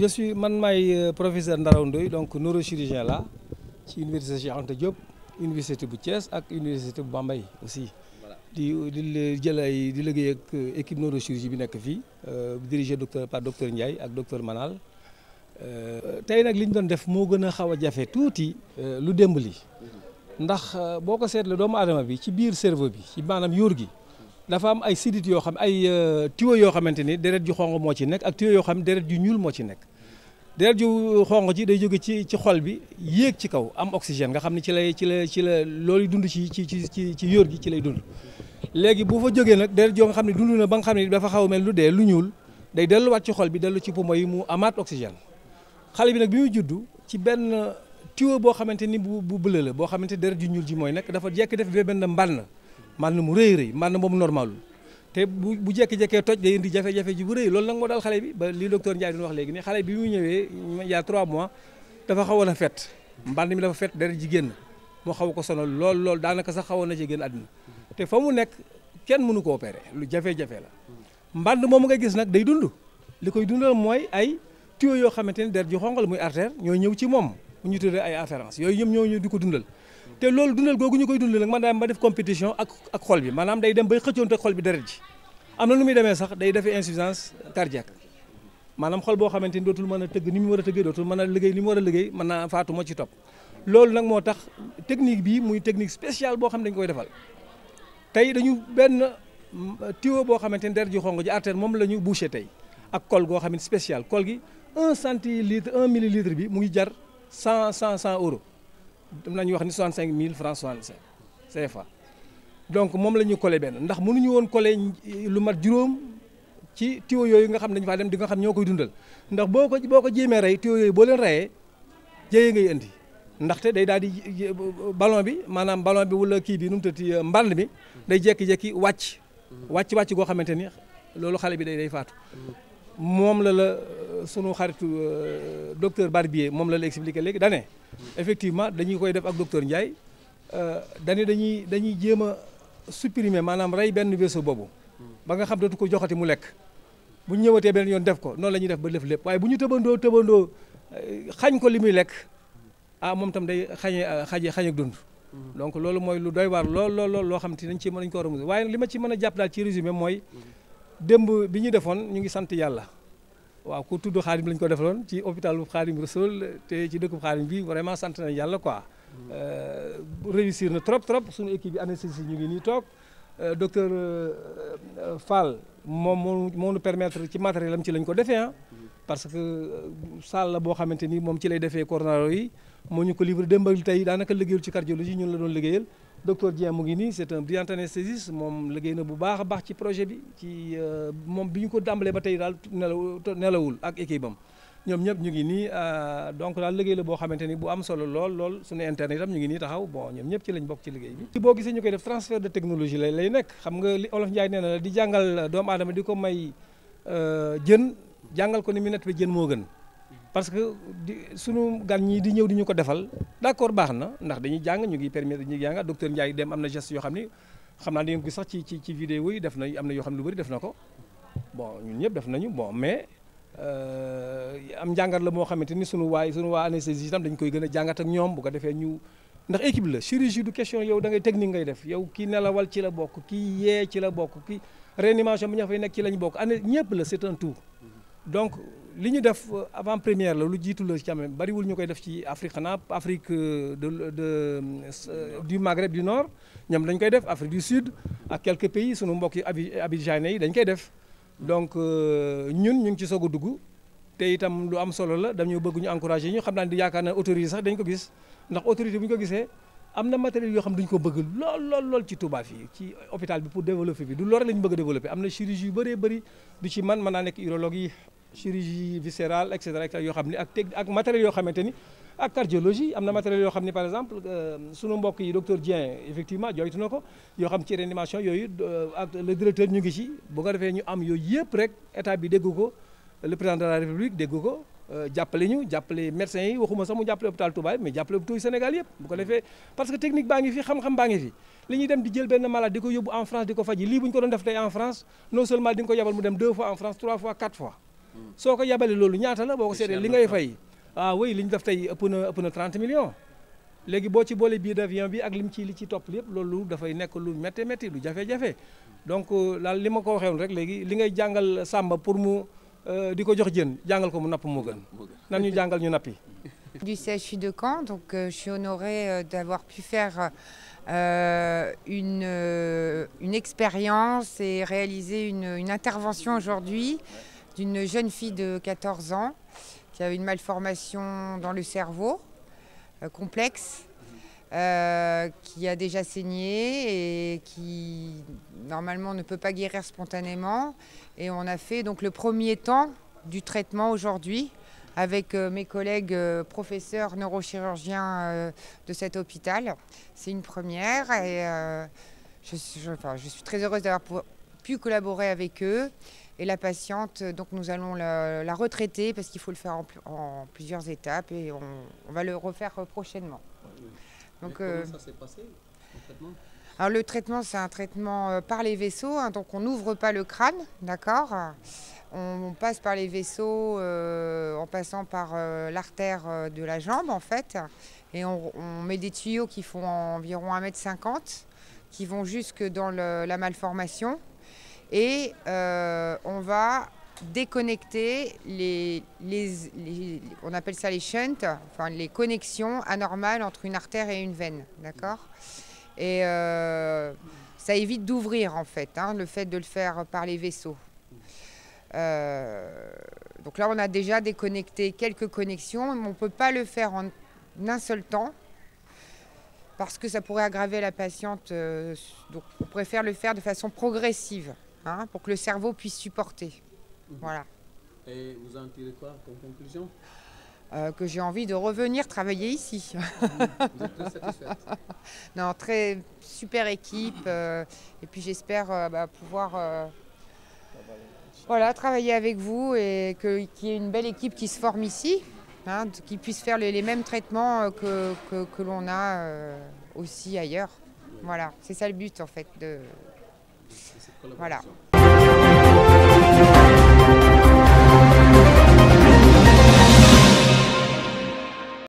je suis man maay euh, professeur Ndaraw ndoy donc neurochirurgien la ci université Cheikh Anta Diop université bu Thiès ak université bu Bambey aussi. di di jël ay di liggéey ak euh, équipe neurochirurgie bi nekk fii euh, dirigé docteur par docteur Ndiaye ak docteur Manal tey nag li doon def moo gën a xaw a jafe tuuti lu démb li mhm. ndax boo ko seetlee doomu aadama bi ci biir cerveau bi ci maanaam yóor gi dafa am ay sidit yoo xam ay euh, tuyaux yoo xamante ni deret ju xonq moo ci nekk ak yoo xam deret ju ñuul moo ci nekk deret ju xonq ji day jóge ci ci xol bi yéeg ci kaw am oxygène nga xam ne ci lay ci la ci la loolu dund ci ci ci ci yóor gi ci lay dund léegi boo fa jógee nag deret joo nga xam ne dund na ba nga xam ne dafa xaw a mel lu dee lu ñuul day delluwaat ci xol bi dellu ci poumon yi mu amaat oxygène xale bi nag bi muy juddu ci benn tuyau boo xamante ni bu bu la boo xamante deret ju ñuul ji mooy nekk dafa jekk def benn mbànn mànn mu rëy rëy mànn moom normalul te bu bu jekki-jekkee toj day indi jafe-jafe ji bu rëy loolu nag moo dal xale bi ba li docteur Ndiaye doon wax léegi ne xale bi mu ñëwee il y a mois dafa xawoon a fet mbànn mi dafa fet deret ji génn moo xaw ko sonal lool lool daanaka sax xawoon na ci génn àddina te fa mu nekk kenn mënu ko opéré lu jafe-jafe la mbànd moomu nga gis nag day dund li koy dundal mooy ay tuyaux yoo xamante ne deret ji xonq la muy artère ñoo ñëw ci moom bu ñu tuddee ay afférence yooyu yëpp ñoo ñu di ko dundal te loolu dundal googu ñu koy dundal nag man daal ma def compétition ak ak xol bi maanaam day dem bay xëccoonte xol bi deret ji am na lu muy demee sax day defee insuffisance cardiaque maanaam xol boo xamante ni dootul mën a tëgg ni mu war a tëggee dootul mën a liggéey li mu war a faatu moo ci topp loolu nag moo tax technique bi muy technique spéciale boo xam ne dañu koy defal tey dañu benn mm, tuyau boo xamante ni deret ji xonq ji artère moom la ñu bouché tey ak col goo xam ne spécial col gi un centilitre un millilitre bi mu ngi jar cent cent cent euros dem nañu wax ni soixante cinq mille francs soixante cinq CFA donc moom la ñuy collé benn ndax mënuñu woon collé lu mat juróom ci tuyau yooyu nga xam ne dañu faa dem di nga xam ñoo koy dundal ndax boo ko boo ko jéemee rey tuyau yooyu boo leen reyee jéye ngay indi ndaxte day daal di ballon bi maanaam ballon bi wala kii bi nu mu tëddi euh, mbànd mi day jékki-jékki wàcc wàcc wàcc goo xamante ni loolu xale bi day day faatu moom la la euh, sunu xaritu euh, docteur Barbier moom la la expliqué léegi dane effectivement dañuy koy def ak docteur Ndiaye euh, dane dañuy dañuy jéem a supprimer maanaam rey benn vaisseau boobu ba nga xam dootu ko joxati mu lekk bu ñëwatee benn yoon def ko noonu la ñuy def ba def lépp waaye bu ñu tëbandoo tëbandoo xañ ko li muy lekk ah moom tam day xañee xaje xañ ak dund donc loolu mooy lu doy waar lool lool lool loo xam te nañ ci mën nañu ko war a waaye li ma ci mën a jàpp ci résumé mooy démb bi ñu defoon ñu ngi sant yàlla waaw ku tudd xaadim lañ ko defaloon ci hôpital bu xaadim Rasoul te ci dëkku xaadim bi vraiment sant na yàlla quoi. Euh, réussir na trop trop suñu équipe bi anesthésiste ñu ngi nii toog euh, docteur euh, Fall moom moo moo ñu permettre ci matériel ci lañ ko defee ah. parce que salle la boo xamante ni moom ci lay defee coronaro yi moo ñu ko livré démbal tey daanaka liggéeyul ci cardiologie ñun la doon liggéeyal. docteur Dieng mu ngi nii c'est un brillant anesthésiste moom liggéey na bu baax a baax ci projet bi ci euh, moom bi ñu ko dàmbalee ba tey daal nelaw nelawul ak équipe ñoom ñëpp ñu ngi nii euh, donc daal liggéey la boo xamante ni bu am solo lool lool suñu internet itam ñu ngi nii taxaw bon ñoom ñëpp ci lañ bokk ci liggéey bi. ci boo gisee ñu koy def transfert de technologie lay lay nekk xam nga li olof Ndiaye nee la di jàngal doomu aadama di ko may euh, jën jàngal ko ni mu net bi jën moo gën. parce que di sunu gan ñii di ñëw di ñu ko defal d'accord baax na ndax dañuy jàng ñu ngi permettre ñu jàng docteur Ndiaye dem am na gest yoo xam ni xam naa da ngeen ko sax ci ci ci vidéo yi def na am na yoo xam ne lu bëri na ko bon ñun ñëpp def nañu bon mais euh, am njàngat la moo xamante ni sunu waaye sunu waa anesthésie itam dañ koy gën a jàngat ak ñoom bu ko defee ñu ndax équipe la chirurgie du yow dangay ngay technique ngay def yow kii nelawal ci la bokk kii yee ci la bokk kii réanimation bi ña fay nekk ci lañ bokk année ñëpp la c'est un tout donc li ñu def euh, avant première la lu jiitu la ci am bariwul ñu koy def ci Afrique xanaa Afrique euh, de de euh, du Maghreb du Nord ñoom dañ koy def Afrique du Sud ak quelque pays sunu mbokk yi abi abidjanais yi dañ koy def donc ñun ñu ngi ci soog a dugg te itam lu am solo la dañu bëgg ñu encouragé ñu xam naa di yaakaar naa autorité sax dañ ko gis ndax autorité bu ñu ko gisee am na matériel yoo xam duñ ko bëgg lool lool ci Touba fii ci hôpital bi pour développer bi du loolu la bëgg a am na chirurgie yu bëree bëri du man mën naa nekk urologue yi chirurgie viscérale et cetera yoo xam ne ak teg ak matériels yoo ak cardiologie am na matériel yoo xam ne par exemple euh, sunu mbokk yi docteur Dieng effectivement joytu na ko xam ci réanimation yooyu euh, ak le directeur ñu ngi ci bu ko ñu am yooyu yëpp rek état bi dégg ko le président de la république dégg ko euh, jàppale ñu jàppale médecins yi waxuma sax mu jàppale hôpital Touba mais jàppale hôpitaux Sénégal yëpp bu ko defee parce que technique baa fi xam-xam baa soo ko yabalee loolu ñaata la boo ko seetee li ngay fay ah way li ñu def tey ëpp na ëpp na léegi boo ci boole billet d'avion bi ak lim ci li ci topp lépp loolu dafay nekk lu métti métti lu jafe-jafe donc euh, laal li ma ko waxee rek léegi li ngay jàngal Samba pour mu euh, di ko jox jën jàngal ko mu napp mu gën nan ñu jàngal ñu nappi du CHU de Caen donc euh, je suis honorée euh, d'avoir pu faire euh, une euh, une expérience et réaliser une intervention aujourd'hui d'une jeune fille de 14 ans qui a une malformation dans le cerveau euh, complexe, euh, qui a déjà saigné et qui normalement ne peut pas guérir spontanément. Et on a fait donc le premier temps du traitement aujourd'hui avec euh, mes collègues euh, professeurs neurochirurgiens euh, de cet hôpital. C'est une première et je, je, enfin, je, suis très heureuse d'avoir pu collaborer avec eux. Et la patiente, euh, donc nous allons la, retraiter parce qu'il faut le faire en, plusieurs étapes et on, va le refaire euh, prochainement. Euh, le traitement c'est un traitement par les vaisseaux, donc on n'ouvre pas le crâne, d'accord on, passe par les vaisseaux en passant par l'artère de la jambe et on, met des tuyaux qui font environ 1 m qui vont jusque dans la malformation. Et euh, on va déconnecter les, les, les, on appelle ça les shunts, enfin les connexions anormales entre une artère et une veine, d'accord Et euh, ça évite d'ouvrir en fait, hein, le fait de le faire par les vaisseaux. Euh, donc là, on a déjà déconnecté quelques connexions, mais on ne peut pas le faire en un seul temps parce que ça pourrait aggraver la patiente. Euh, donc on préfère le faire de façon progressive. hein, pour que le cerveau puisse supporter. Mmh. Voilà. Et vous en tirez quoi comme conclusion euh, que j'ai envie de revenir travailler ici. Mhm. Vous êtes très satisfaite Non, très super équipe. Euh, et puis j'espère euh, bah, pouvoir euh, voilà, travailler avec vous et qu'il qu y ait une belle équipe qui se forme ici, hein, qui puisse faire les, les mêmes traitements euh, que, que, que l'on a euh, aussi ailleurs. Voilà, c'est ça le but en fait de, voilà